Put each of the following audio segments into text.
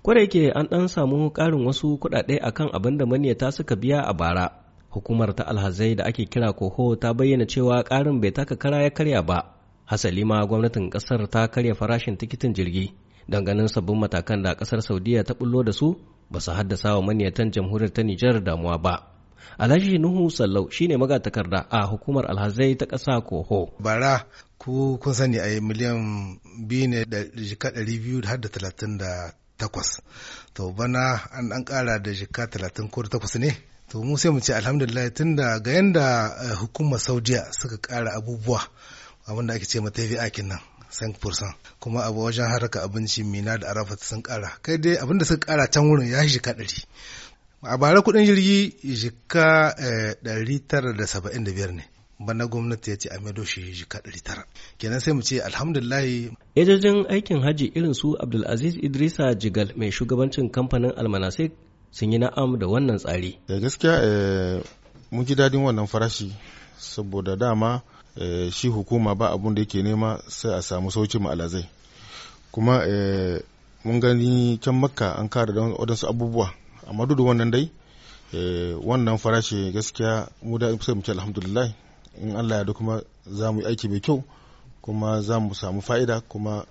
Kwarai ke an ɗan samu karin wasu kuɗaɗe akan abin da maniyata suka biya a bara. Hukumar ta alhazai da ake kira koho ta bayyana cewa ƙarin bai taka kara ya karya ba. Hasali ma gwamnatin ƙasar ta karya farashin tikitin jirgi. Danganin sabbin matakan da kasar Saudiya ta bullo da su ba su haddasa wa maniyatan jamhuriyar ta Nijar damuwa ba. Alhaji Nuhu Sallau shine magatakarda a hukumar alhazai ta kasa Koho. Bara ku kun sani a miliyan biyu ne da jika ɗari biyu har da talatin da takwas to bana an ɗan ƙara da shika talatin ko takwas ne to mu sai mu ce alhamdulillah tun da ga yanda eh, hukumar saudiya suka kara abubuwa abin da ake ce mata nan san fursan kuma abu wajen haraka abinci mina da arafat sun kara kai dai abin da suka kara can wurin ya shi shika ɗari a bara kudin jirgi eh, da da biyar ne bana gwamnati ya ce a maido shi jika tara kenan sai mu ce alhamdulillahi ejojin aikin hajji irin su abdulaziz idrisa jigal mai shugabancin kamfanin almanasik sun yi na'am da wannan tsari da eh, gaskiya eh, mun ji dadin wannan farashi saboda dama eh, shi hukuma ba abun da yake nema sai a samu sauci mu alazai kuma mun gani can makka an kara da wadansu abubuwa amma duk wannan dai wannan farashi gaskiya mu da sai mu ce alhamdulillah in allah ya da kuma za mu yi aiki mai kyau kuma za mu samu fa'ida kuma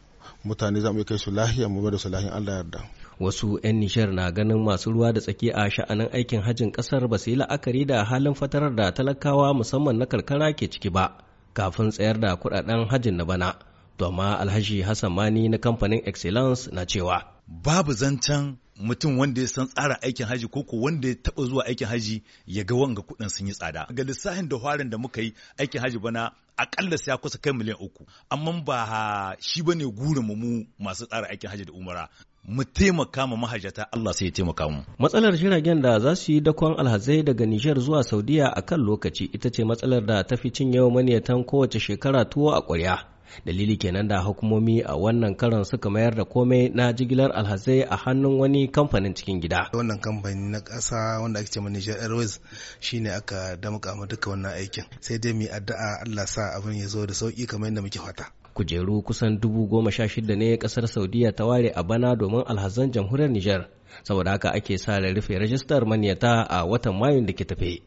mutane za mu kai su lahiya mu bada su lahiyan allah yarda wasu 'yan nishar na ganin masu ruwa da tsaki a sha'anin aikin hajjin kasar ba su yi la'akari da halin fatarar da talakawa musamman na karkara ke ciki ba kafin tsayar da kudaden hajjin na bana to amma alhaji hassan mani na kamfanin excellence na cewa babu zancen mutum wanda ya san tsara aikin haji ko ko wanda ya taba zuwa aikin haji ya ga wanga kuɗin sun yi tsada ga lissafin da hwarin da muka yi aikin haji bana akalla sai ya kusa kai miliyan uku amma ba shi bane gurin mu masu tsara aikin haji da umara mu taimaka ma mahajjata Allah sai ya taimaka mu. Matsalar jiragen da za su yi dakon alhazai daga Nijar zuwa Saudiya akan lokaci ita ce matsalar da ta fi cin yawan maniyatan kowace shekara tuwo a ƙwarya. dalili kenan da hukumomi a wannan karan suka mayar da komai na jigilar alhazai a hannun wani kamfanin cikin gida wannan kamfani na ƙasa wanda ake cewa Niger Airways shine aka damƙa mu duka wannan aikin sai dai mu addu'a Allah sa abin ya zo da sauki kamar yadda muke fata kujeru kusan dubu goma sha shida ne kasar saudiya ta ware a bana domin alhazan jamhuriyar nijar saboda haka ake sa da rufe rajistar maniyata a watan mayun da ke tafe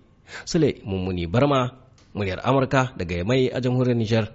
sule mummuni barma muryar amurka daga yamai a jamhuriyar nijar